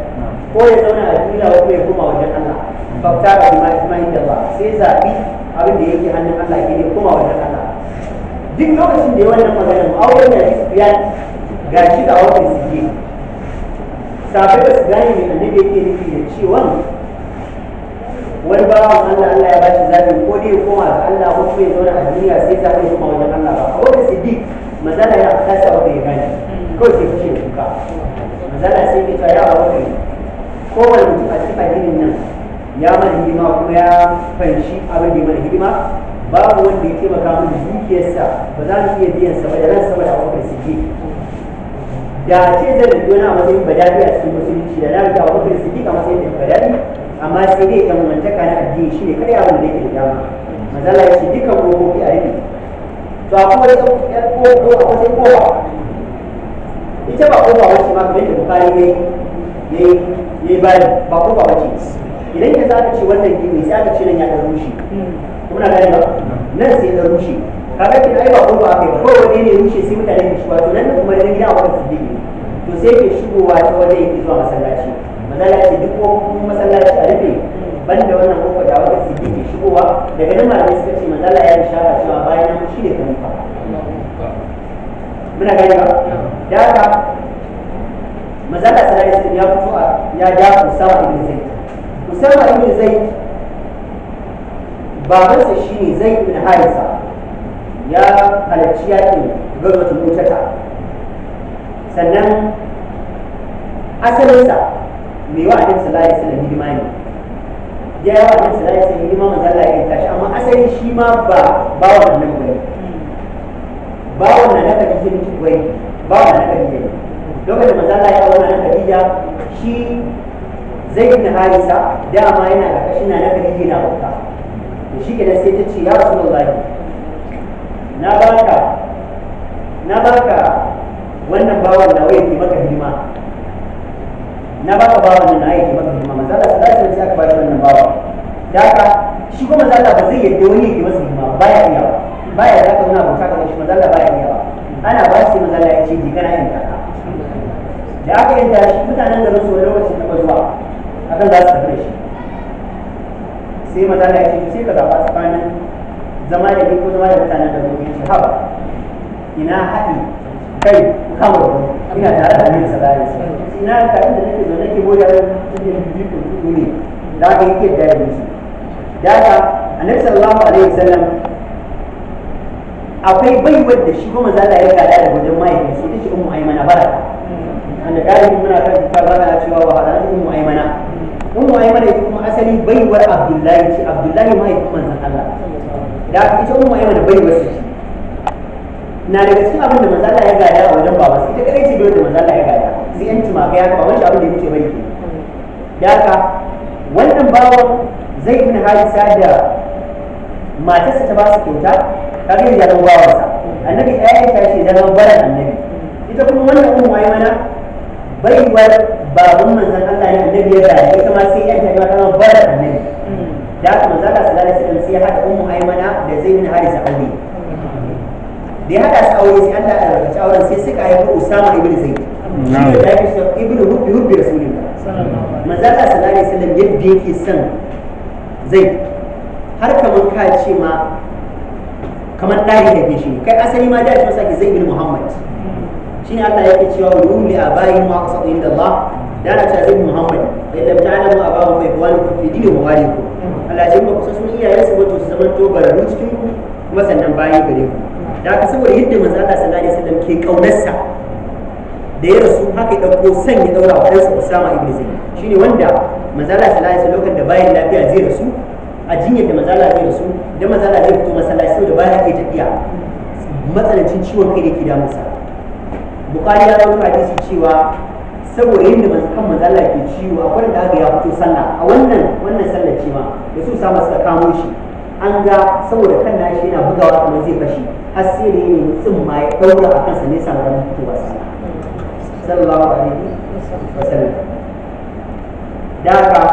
ko ya zauna a duniya ko ya koma wajen Allah bauta ga kuma kuma inda ba sai zabi abin da yake hannun Allah ke ne koma wajen Allah duk lokacin da ya wannan magana auren da ya ga shi ga wannan suke sabai ba su gane ne annabi yake nufi da cewa wani bawan Allah Allah ya bashi zabi ko dai ya koma ga Allah ko ya zauna a duniya sai zabi ya koma wajen Allah ba a wajen siddiq mazala ya kasa wanda ya gane kawai sai kashe kuka mazala sai ke ce ya wanda ya kowane mutum a cikin addinin nan ya mana hidima kuma ya fanshi abin da ya mana hidima babu wanda ya taimaka min dukiyarsa ba za su iya biyan sa ba da ransa ba da abokan sike da ce zan da wani a matsayin badadi a cikin musulunci da na rubuta abokan sike kamar sai da badadi amma sai dai kan mantaka na addini shi ne kada ya wanda yake da dama mazala ya ce dukkan robobi a yi to akwai wani ɗan ko a wajen kowa ita ba kowa wacce ma kamar da bukari ne ya yi yi bayan ba ko ba wace idan ya ka ce wannan gini sai aka ce nan ya ɗan rushe kuma na gane ba nan sai ɗan rushe kaga ke ai ba ko ba ko wani ne rushe sai mutane ke shiga to nan kuma da gida wata su dige to sai ke shigowa ta wanda yake zuwa masallaci masallaci duk wani masallaci a rufe banda wannan kofa da wanda su dige shigowa daga nan malamai suka ce matsala ya shara cewa bayan shi ne khalifa muna gani ba da haka mazala sallallahu ya fito ya ja Usama ibn Zaid Usama ibn Zaid babansa shine Zaid ibn Harisa ya halarci yaƙin gazwatul mutata sannan asalinsa mai wa annabi sallallahu alaihi wasallam hidima ne ya yi wa annabi sallallahu alaihi wasallam hidima manzo Allah ya tashi amma asali shi ma ba ba wannan ba wannan na kaji ne ba wannan na kaji lokacin manzala ya aure na Khadija shi zai yi harisa dama yana da kashi na Khadija na bauta to shi kenan sai ta ce ya Rasulullahi na baka na baka wannan bawan na waye ke maka hima na baka bawan na waye ke maka hidima manzala sallallahu alaihi wasallam sai aka bashi wannan bawan da haka shi kuma manzala ba zai yadda wani yake masa hima baya iya baya da ka nuna bauta kamar shi manzala baya iya ba ana ba shi manzala ya ce jikana in kaka da aka yanta shi mutanen da nasu wani lokaci taba zuwa akan za su tafi da shi sai maza ya ce sai ka zaɓa tsakanin zama da ni ko zama da mutanen da gobe shi haba ina haɗi kai kama da ina tare da da salari ina ka inda nake zo nake boda da cikin bibiku ne da aka yake da yi shi da aka annabi sallallahu alaihi wasallam akwai baiwar da shi za ta yi gada da wajen mahaifinsa ita ce ummu aymana baraka da galibi muna kan ta bana cewa wa halan ummu mu'aimana ummu mu'aimana ita kuma asali baiwar abdullahi ce abdullahi kuma manzon Allah da ita ummu aymana baiwar su na daga cikin abin da manzon Allah ya gada a wajen baba ita kadai ce da manzon Allah ya gada sai yanci ma ga ya ba wanda abin da yake bai ke da haka wannan bawan zai ibn halisa da matarsa ta ba su kyauta kaga yanzu ya zama bawansa annabi ya yi tashi ya zama baran annabi ita kuma wannan ummu mana baiwar baban manzan Allah ne annabi ya rayu ita ma sai yan tabiwa ta bar annabi da kuma manzan Allah sallallahu alaihi sai ya haɗa ummu aymana da zaid bin harisa aure da ya haɗa su aure sai Allah ya albarkaci auren sai suka haifi usama ibn zaid shi da ya fi ibn hubbi hubbi rasulillah manzan Allah sallallahu alaihi wasallam yadda yake son zaid har kamar ka ce ma kamar ɗari da shi kai asali ma da shi masa ki zaid bin muhammad shine Allah yake cewa wa yum li abaihim ma qasadu inda Allah da ana cewa zai Muhammad ta illam ta'lamu abahum fa ikhwanukum fi dini wa walikum Allah ya ba ku san iyayensu ba to su zama to bararru cikin ku kuma sannan bayi gare ku da haka saboda yadda manzo Allah sallallahu alaihi wasallam ke kaunarsa da ya rasu haka ya dauko san ya daura wa ɗansa Usama ibn Zaid shine wanda manzo Allah sallallahu alaihi lokacin da bayan lafiya zai rasu a jinyar da manzo Allah zai rasu da manzo Allah zai fito masallaci da bayan ke tafiya matsalancin ciwon kai da ke damunsa bukari ya dauka su cewa saboda yadda masu kan mazala ke ciwo akwai da aka ya fito sallah a wannan wannan sallar ce ma da su samu suka kamo shi an ga saboda kan na shi yana bugawa kuma zai fashi har sai da yayin tsimma ya ɗaura a kansa ne samu ranar fitowa sallallahu alaihi wasallam da haka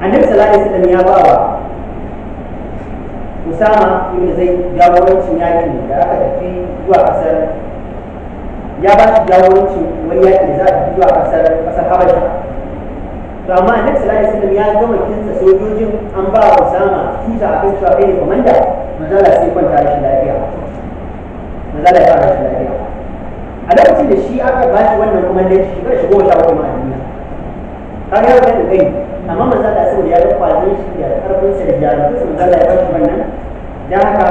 annabi sallallahu alaihi wasallam ya ba wa usama ibn zaid jagorancin yakin da aka tafi zuwa kasar ya ba shi jagorancin wani yaki za a tafi zuwa kasar kasar habasha to amma annabi sallallahu alaihi wasallam ya gama kinsa sojojin an ba usama tuta a kan cewa kai ne komanda manzala sai kwanta shi lafiya manzala ya fara shi lafiya a lokacin da shi aka ba shi wannan kuma shi shigar shi goma sha bakwai ma a kaga ya wata da kai amma manzo da saboda ya rufa ne shi ya karfin sa da jarumta sun Allah ya ba wannan dan haka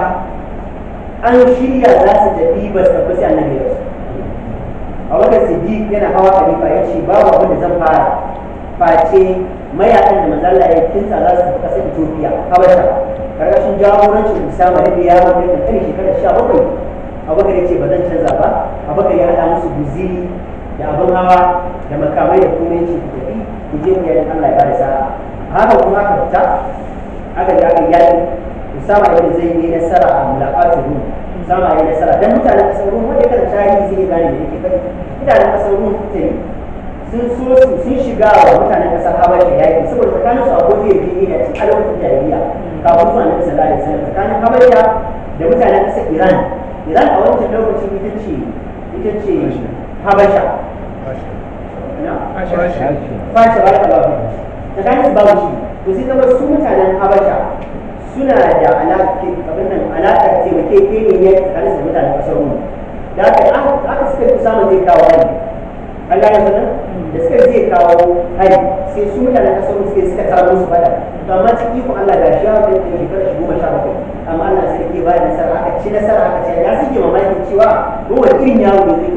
an shirya za su tafi ba su tafi sai annabi ya a wata siddiq yana hawa kalifa ya ce babu abin da zan fara face mayakan da manzo Allah ya kinsa za su tafi kasar Ethiopia Habasha karkashin jagorancin Usama da ya mutu da kan shekarar 17 Abubakar ya ce ba zan canza ba Abubakar ya hada musu guziri da abin hawa da makamai da komai ce ku je ga yan Allah ya bada sa'a haka kuma ka fita aka ji aka yaki usama ibn zai yi nasara a mulaqatu rum usama ya nasara dan mutanen kasar rum wanda kan tarihi zai gane da yake kai mutanen kasar rum ne sun so su sun shiga wa mutanen kasar habasha yaki saboda tsakanin su akwai ya biyu ne a cikin alwata jahiliya kafin zuwa na sallallahu alaihi wasallam tsakanin habasha da mutanen kasar iran iran a wancan lokacin ita ce ita ce habasha fashi ba ta babu tsakanin babu shi to sai zama su mutanen habasha suna da alaƙa abin ke alaƙa taimakekeniya ne tsakanin da mutanen kasar mu da aka aka suka fi samun zai kawo hari allah ya sanan da suka zai kawo hari sai su mutanen kasar mu suke suka tsaro su fada to amma cikin iko Allah ga shi ya wata da shekarar shi goma sha bakwai amma Allah sai ke ba nasara aka ci nasara aka ci ya suke mamakin cewa gowar irin yawo da zai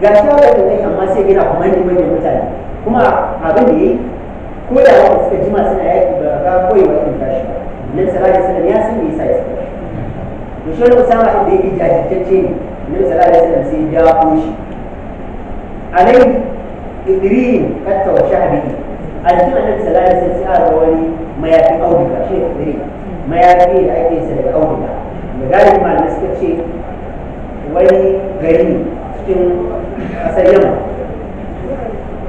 ga shawarar da zai amma sai gina kuma ne manyan mutane kuma abin da yi ko da wanda suka jima suna yaki ba ga koyi wa irin tashi nan sallallahu alaihi ya san me yasa ya saka to shi wani usama inda yake jajirtacce ne nan sallallahu alaihi sai ya dawo shi alai idrin katta wa shahbi a cikin annabi sallallahu alaihi wasallam sai a wani mayafi auduga shi ne idrin mayafi da ake sa daga auduga da galibin malamai suka ce wani gari cikin kasar yamma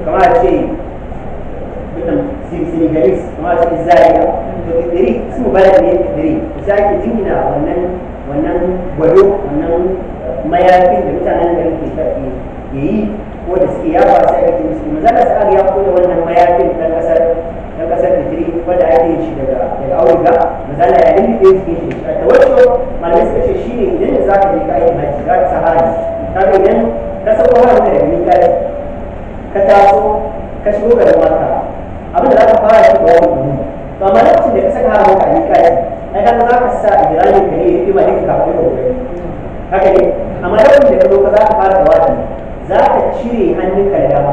kama a ce mutum senegalese kama a ce zaria to idiri su mubarak ne idiri za ki jingina wannan wannan gwado wannan mayafin da mutanen garin ke ya yi ko da suke ya fasa a cikin su maza da sa'ar ya kula wannan mayafin ɗan ƙasar ɗan ƙasar idiri wanda ake yin shi daga daga auduga maza da ya rinke jikin shi a tawaccio malamai suka ce shi ne idan za ka je ka yi hajji za ka sahara ta ga idan ka san wahala da ni kai ka taso ka shigo ga mata abin da za ka fara shi ga to amma lokacin da ka saka haramun ka ni kai ai ka za ka sa ibrahim ka ne ya yi ba ne ka kafa ka haka amma lokacin da ka zo za ka fara da wani za ka cire hannunka da dama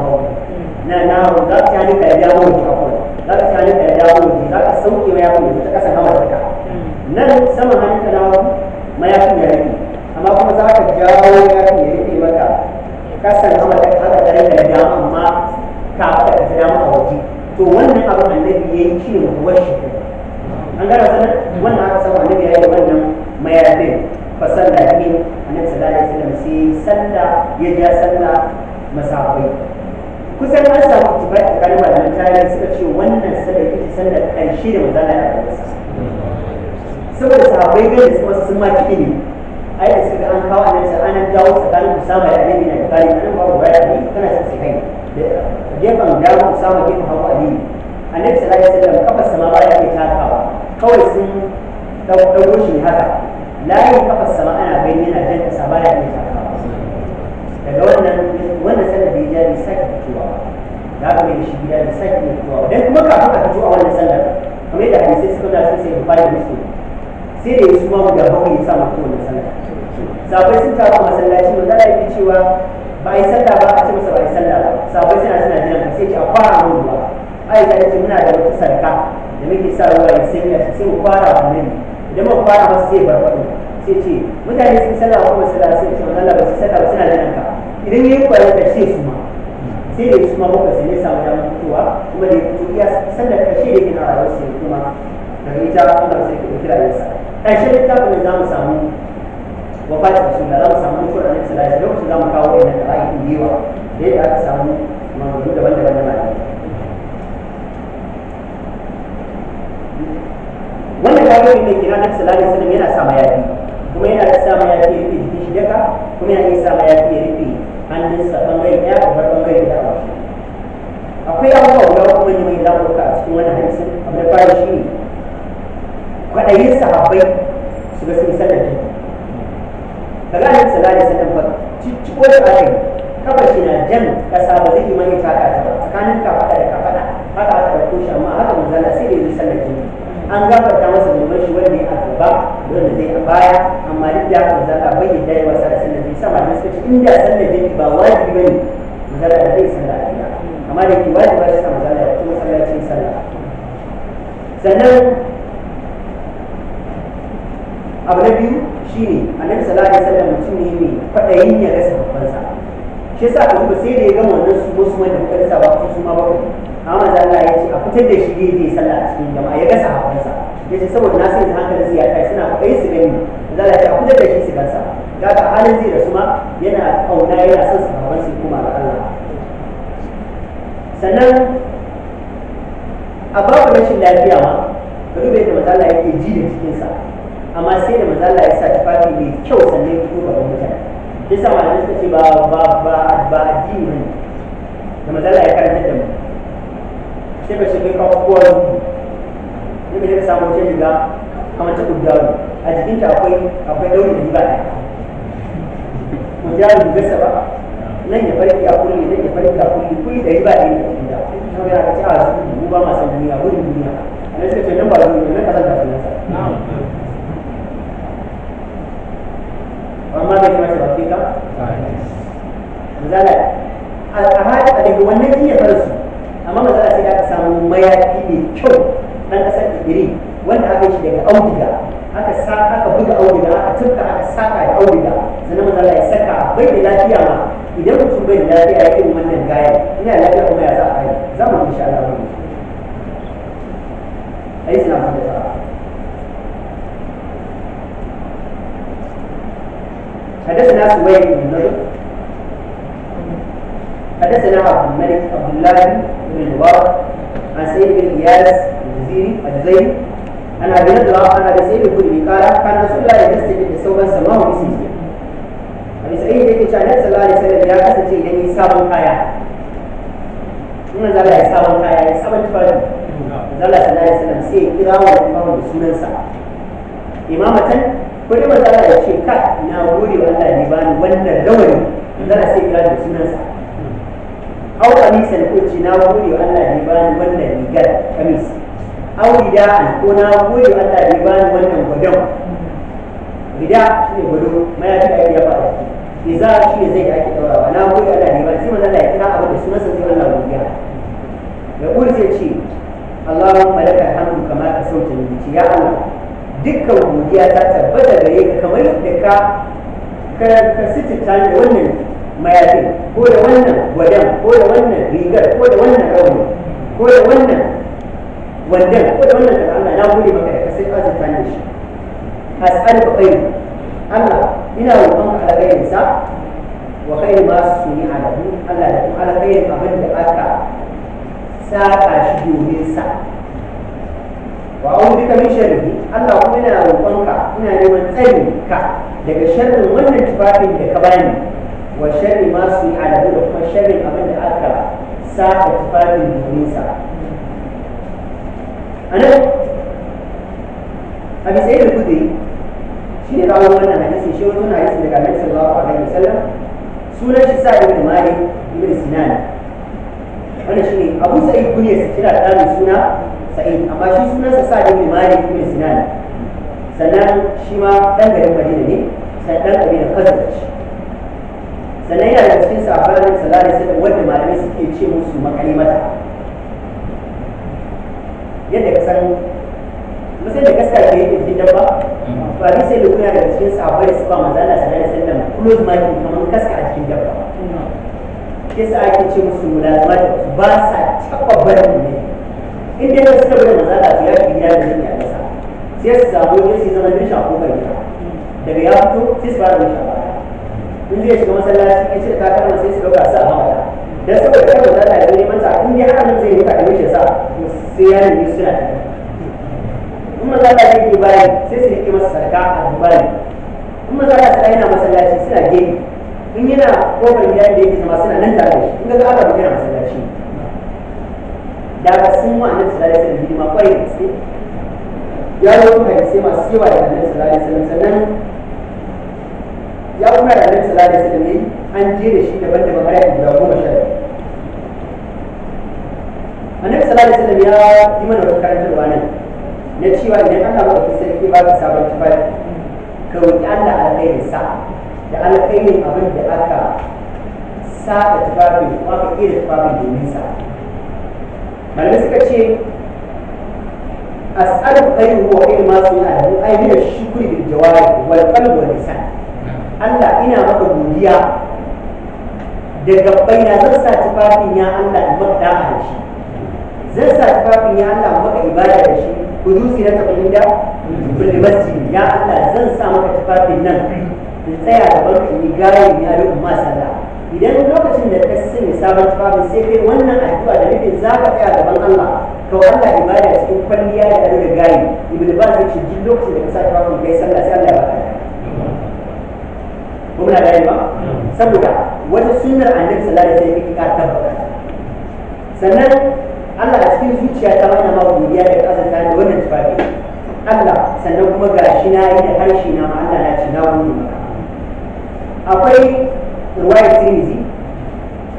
na namu za ka ci hannunka da dama wani kafin za ka ci hannunka da dama wani za ka sauke ma yawon da ta kasan hawa da ka nan saman hannunka na ya amma kuma za ka jawo ya ya maka Kasan zama da haka gare ka da dama amma ka faɗa ta dama a waje to wannan abu annabi ya yi shi ne wani shi an gara sanar wannan aka samu annabi ya yi da wannan mayafin fasalla bihin annabi sallallahu alaihi wasallam sai salla ya ja salla masafai kusan an samu tibai a kanin malaman tarihi suka ce wannan sallar ita ce sallar ƙarshe da manzala ya saboda sahabbai gani su masu sun ma kiɗi ne ai da suka an kawo annabi sai an dawo tsakanin Usama da Annabi na tsakani nan ba ruwa da ni kana sa sai kai gefen dama Usama gefen hawa Ali Annabi sallallahu alaihi wasallam kafar sama ba ya ke takawa kawai sun dago shi haka layin kafar sama ana gani yana jan kasa ba ya ke takawa daga wannan wannan sanadi ya jari sake fitowa da aka mai shi gida da sake fitowa dan kuma kafin ka fito wannan sallar kamar yadda hadisai suka da sun sai Bukhari da Muslim sai da ya suma mu da bakwai ya sa mutum sabai sun taru masallaci wanda da yake cewa ba yi sallah ba a ce masa ba yi sallah ba sabai suna suna jiran ka sai ce a fara mun ruwa yi ta ce muna da wata sarka da muke sa ruwa ya sai ya sai mu fara wannan idan mu fara masa sai barbaɗo sai ce mutane sun sallah ko ba sallah sai ce wanda Allah ba su sallah ba suna jiran ka idan yayi kwaye ka ce su ma sai da su ma ba sai ne samu damar fitowa kuma da ya fito iya sallar ƙarshe da kina rayuwar sai kuma da ita Allah sai ka kira yasa ƙarshen littafin da za mu samu wafata da suna za mu samu mutuwar da nisa lafi lokacin za mu kawo wani da ra'ayi da yawa da yadda aka samu maganganu daban na malamai wannan kira na sallallahu alaihi wasallam yana sa mayafi kuma yana sa mayafi ya rufe jikin shi kuma yana sa mayafi ya rufe hannunsa bangaren ɗaya da bar bangaren da ba shi akwai abubuwa guda kuma ne mai zaɓuka a cikin wannan hadisin abu da fara shi ne kwaɗayin sahabbai su kaga nan salari sanan fa cicciko da ayin kafashi na jan kasa ba zai mai taka ta ba tsakanin kafada da kafada haka aka dauko shi amma haka manzala sai da yi sallar jini an gafarta masa domin shi wanda ya gaba wanda zai a baya amma duk da haka manzala bai yadda ya wasa da sallar jini sama da suka ce inda sallar jini ba wajibi bane manzala da zai sallar jini amma da ke wajibi ba shi sa manzala ya kuma sallacin sallah sannan abu na biyu annabi sallallahu alaihi wasallam mutum ne mai kwaɗayin ya rasa babbansa shi yasa ka duba sai da ya gama wannan su su mai da kuka rasa ba su ma ku amma manzo Allah ya ce a fitar da shi ne zai sallah a cikin jama'a ya rasa babbansa ya ce saboda na hankali hankalin ya kai suna kwaɗayin su gani manzo Allah ya ce a fitar da shi su gansa ka halin zai rasu ma yana kauna yana son su babban su kuma ga Allah sannan a babu rashin lafiya ma ka duba yadda manzo Allah yake ji da cikinsa amma sai da mazala ya sa tufafi mai kyau sannan ya fito gaban mutane bisa malamai suka ce ba ba ba ba addini ne da mazala ya karanta da mu sai ka shiga kafuwar ne ka shiga samu wata riga kamar ta kudawo a jikinta akwai akwai daurin riba ɗaya kudawo gasa ba nan ya farki a kulli nan ya farki a kulli kulli da riba ɗaya ne a cikin da kuma yana ka ce a su ba masu duniya wurin duniya a nan suka ce nan ba duniya nan ka san ka sunan amma bai kamata ba sai ka misali a hada a daga wannan jiya farsu amma misali sai aka samu maya mai kyau dan kasar ibiri wanda aka shi daga auduga aka saka buga auduga aka tufka aka saka da auduga sannan misali ya saka bai da lafiya ma idan mutum bai da lafiya ya irin wannan gaya ina lafiya kuma ya za a yi za mu insha Allah حدثنا سويد بن نضر حدثنا عبد الملك عبد الله بن المبارك عن سيد بن اياس الجزيري الجزيري عن ابي نضره عن ابي سعيد الخدري قال كان رسول الله يستجد ثوبا سماه بسيسيا ابي سعيد يقول كان صلى الله عليه وسلم يا كسر شيء يعني سابون كايا من زال يسابون كايا يسابون تفرد زال صلى الله عليه وسلم سي كراوه الامام بسنن سعى امامه wani matsala ya ce ka na gode wa Allah ne ba ni wannan za a sai kira sunansa au kamisan ko ce na gode wa Allah ne ba ni wannan rigar kamis aw an ko na gode wa Allah ne ba ni wanda gudan rida shi ne gwado mayafi da ya fara za shi ne zai da ake daurawa na gode Allah ne ba sai manzo Allah ya kira abin da sunansa sai Allah godiya ya zai ce Allahumma laka alhamdu kama ka sautin ya Allah dukkan godiya ta tabbata da yi kamar yadda ka ka ka sitita da wannan mayafin ko da wannan gwadan ko da wannan rigar ko da wannan rauni ko da wannan wandan ko da wannan da Allah na gode maka da ka sai azurta ne shi ba khairu Allah ina roƙon ka alkhairin sa wa kai ma su yi alahu Allah ya kuma alkhairin abin da aka saka shi domin sa wa a'udhu bika min sharrihi Allah kuma yana roƙonka ina neman tsayin ka daga sharrin wannan tufafin da ka bani wa sharri ma su yi da kuma sharrin abin da aka sa da tufafin domin sa anan abi sai da kudi shi ne kawo wannan hadisi shi wani hadisi daga Annabi sallallahu alaihi wasallam sunan shi sa ibn Malik ibn Sinan wannan shine Abu Sa'id kunya kira da suna sa'id amma shi sunansa sa'id ibn malik ibn sinan sannan shi ma ɗan garin madina ne sannan ɗan kabilar ce. sannan yana da cikin sahabban annabi sallallahu alaihi wasallam wanda malamai suke ce musu makalimata yadda ka san musan da kaska ke yake cikin dabba ba bi sai da lokuna daga cikin sahabbai su ba manzo Allah sallallahu alaihi wasallam close market kamar kaska a cikin dabba mm. sa ake ce musu mulazimata ba sa taɓa barin ne in dai da suka bada matsala su yafi gida da jin yaƙi sa sai su samu wani su zama dinsha ko bai gida daga ya fito sai su fara shafa baya in zai shiga masallaci in ce ta kama sai su ɗauka sa a mata da saboda kai kar matsala ya zo neman sa in dai har zai yi takalmin shi sa sai ya nemi suna da in matsala ya ke bayan sai su rike masa sadaka a bayan in ta yi yana masallaci suna gefe in yana kofar gida da yake zama suna nan tare da shi in ga aka buga masallaci da ga sun wa annabi sallallahu alaihi wasallam hidima kwarai da gaske ya yi rubuta hadisai masu yawa da annabi sallallahu alaihi wasallam sannan ya umar da annabi sallallahu alaihi wasallam an je da shi daban-daban har ya guda goma sha biyu annabi sallallahu alaihi wasallam ya yi mana wata karantarwa nan na cewa idan Allah maka sarki ba ka sabon tufafi ka roƙi Allah alkhairin sa da alkhairin abin da aka sa da tufafi kuma ka ƙera tufafin domin sa malamai suka ce as'alu qayru wa qayru ma su yana da ai da shukri bil jawari wal qalbi wal lisan Allah ina maka godiya da gabbai na zan sa tufafin ya Allah in maka dama da shi zan sa tufafin ya Allah in maka ibada da shi kudusi na tabbin da kulli masjid ya Allah zan sa maka tufafin nan in tsaya da barka ni gayi ya rubu sallah. idan lokacin da ka sanya sabon tufafin sai kai wannan addu'a da nufin za ka tsaya gaban Allah to Allah ibada cikin kwalliya da ado da gayi ibnu baz yace duk lokacin da ka sa tufafin kai sallah sai Allah ya baka ko muna gani ba saboda wata sunnar annabi sallallahu alaihi wasallam ka tabbata sannan Allah a cikin zuciya ta wannan ma godiya da kasanta da wannan tufafi Allah sannan kuma gashi na yi da harshe na ma Allah na ci na wani maka akwai ruwayar tirmidhi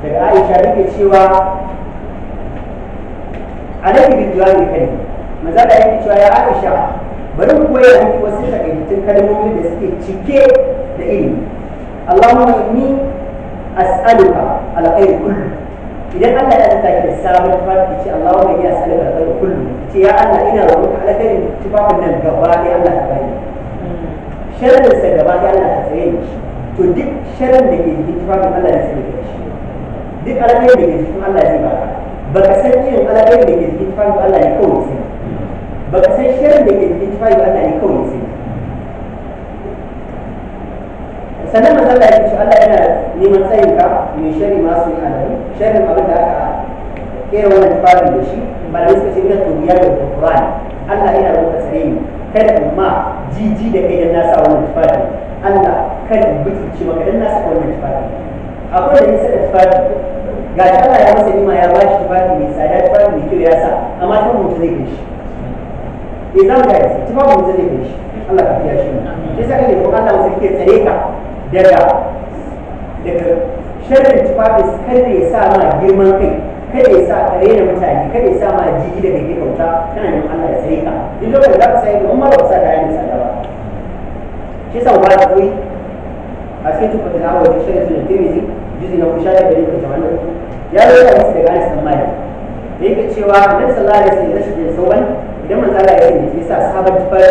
daga aisha take cewa alaihi bin ne kai maza da yake cewa ya aisha bari ku koya wasu takaitattun kalmomin da suke cike da ilimi Allahumma inni as'aluka alkhairu kullu idan Allah ya tsaka da sabon fati ce Allahumma inni as'aluka alkhairu kullu ce ya Allah ina roƙonka alkhairin tufafin nan gaba da Allah ta bani hmm. sharrin sa gaba ɗaya Allah ka tsare ni to duk sharan da ke jikin tufafin Allah ya sani da shi duk alaƙar da ke jikin Allah ya ba ba ka san irin alaƙar da ke jikin tufafin Allah ya kawai sani ba ka san sharan da ke jikin tufafin Allah ya kawai sani sannan manzo Allah ya ce Allah yana neman tsayin ka mai shari ma su yana da sharin abin da aka kera wannan tufafin da shi malamai suka ce mina tubiya da Qur'an Allah yana rubuta tsare ni kada ma jiji da kai dan na sa wannan tufafin Allah kada biki ce maka dan na saka wannan tufafi akwai da yasa da tufafi ga shi Allah ya masa nima ya ba shi tufafi mai tsada tufafi mai kyau ya sa amma ta mutu zai kai shi eh, za mu ga yasa tufafi mutu zai kai Allah ka fiya shi ne sai saka ko Allah masa yake tsare ka daga daga sharrin tufafi kada ya sa ma girman kai kada ya sa ka rena mutane kada ya sa ma jiki daga gefen ka kana neman Allah ya tsare ka duk lokacin da ka sai in ba sa da ya tsada ba kisan sa da koyi a cikin cikin da da na kusha da gari da wannan ya zo da musu daga anas mali da cewa nan sallallahu alaihi wasallam rashin jin ya yi sa sabon tufar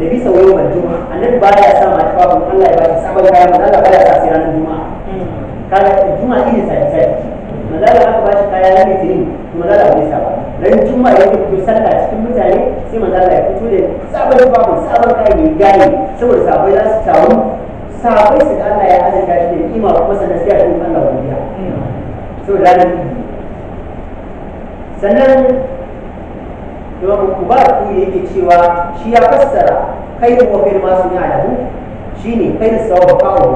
da bisa wayo sa ma tufafin Allah ya bashi sabon kayan manzo baya ranar juma'a kaga juma'a ne sai sai aka bashi kaya na litinin kuma Allah bai ba ran juma ya fito sallah cikin mutane sai manzo ya fito da sabon babu sabon kayan gani saboda sabai za su taru sabai su da Allah ya azanta shi da kima kuma sannan sai ya yi Allah wariya saboda ranar sannan Imam Kubar ku yake cewa shi ya fassara kai da kofin masu ne a dabu shine kai da sawa ba kawo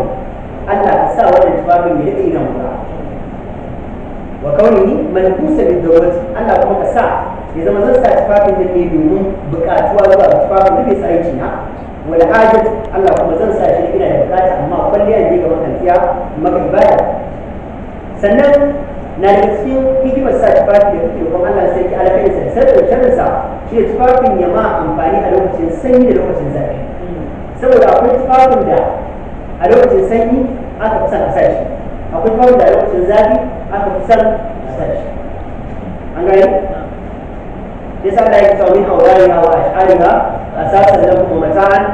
Allah ka sa wannan tufafin ya wa kauni mankusa da dawati Allah kuma ka sa ya zama zan sa tufafin da ne domin bukatuwa zuwa tufafin da bai sa aiki na wal hajat Allah kuma zan sa shi ina da bukata amma kwalliya ne ga makantiya maka ibada sannan na da cikin hikimar sa tufafin da kuke kuma Allah sai ki alƙayin sa sai da sharrin sa shi ne tufafin ya ma amfani a lokacin sanyi da lokacin zafi saboda akwai tufafin da a lokacin sanyi aka fi son a sa shi akwai kawai da yawancin zafi aka fi san sashi an gani ya sa da ya kyau min aurari hawa a shari'a a sassan da kuma mata'an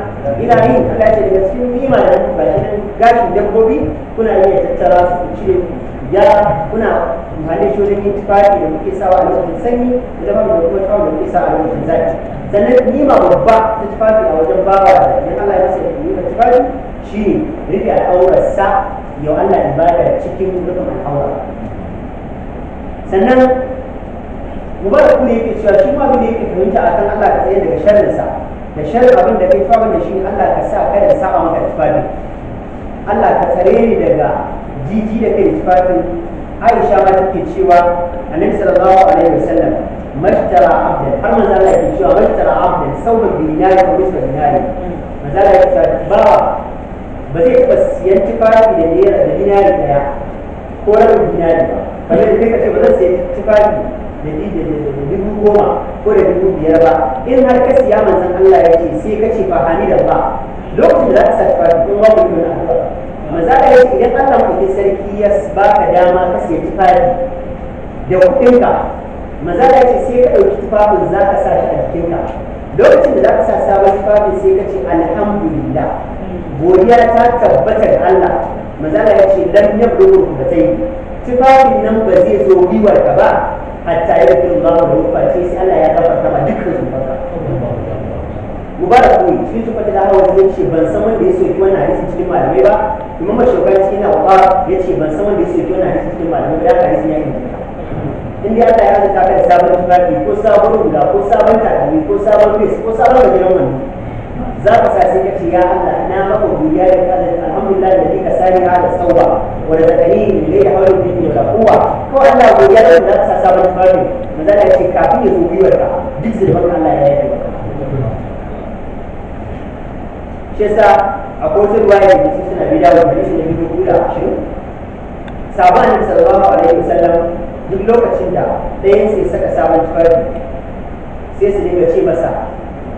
ina yin Allah ce daga cikin nima da bakin gashin dabbobi kuna iya tattara su ku cire ya kuna amfani shi wajen yin tufafi da muke sawa a lokacin sanyi da zama da kuma tsawon da muke sawa a lokacin zafi sannan nima babba ta tufafi a wajen bawa da Allah ya masa nima tufafi shi ne rufe al'aurarsa ya Allah ya bada cikin rufin al'aura sannan mubarak ne yake cewa shi ma ne yake fahimta akan Allah ka tsaye daga sharrinsa da sharrin abin da kai fama da shi Allah ka sa kada saba maka tufafi Allah ka tsare ni daga jiji da kai tufafin Aisha ma take cewa Annabi sallallahu alaihi wasallam mashtara abdan har manzo Allah yake cewa mashtara abdan sauban bi dinari ko misal dinari manzo Allah yake cewa bawa ba zai taɓa siyan tufafi da naira da dinari ɗaya ko rabin dinari ba kamar da kai ce ba zan siyan tufafi da dubu goma ko da dubu biyar ba in har ka siya manzon Allah ya ce sai ka ce fa da ba lokacin da za ka sa tufafi kun ba ku yi wani albarka maza da yake idan Allah sarki ya ba ka dama ka siya tufafi da kuɗinka maza da sai ka ɗauki tufafin za ka sa a jikinka lokacin da za ka sa sabon tufafi sai ka alhamdulillah godiya ta tabbata Allah manzala ya ce lam da kubatai tufafin nan ba zai zo gwiwar ka ba hatta ya fi ba da rufa ce sai Allah ya ta ma dukkan ba mubarak ne shi su da hawa ya ce ban san wanda ya ki wannan hadisi cikin malamai ba imam shaukan cikin na ba ya ce ban san wanda ya ki wannan hadisi cikin malamai ba ya ka hadisi ya yi in dai Allah ya ta ka da sabon tufafi ko sabon guda ko sabon takalmi ko sabon fes ko sabon gajeren wani za ka sa sai ka ce ya Allah ina maka godiya da ka alhamdulillah da kika sani ha da tsawa wa da zakari ne ne da hawlin bi da kowa ko Allah godiya da za ka sa sabon tsari manzo Allah ya ce kafin ya zo gwiwar ka duk zulman Allah ya yi shi yasa akwai wasu ruwaya da su suna bi dawo da shi da bi da ashirin sabon da sallallahu alaihi wasallam duk lokacin da ɗayan sai saka sabon tsari sai su dinga ce masa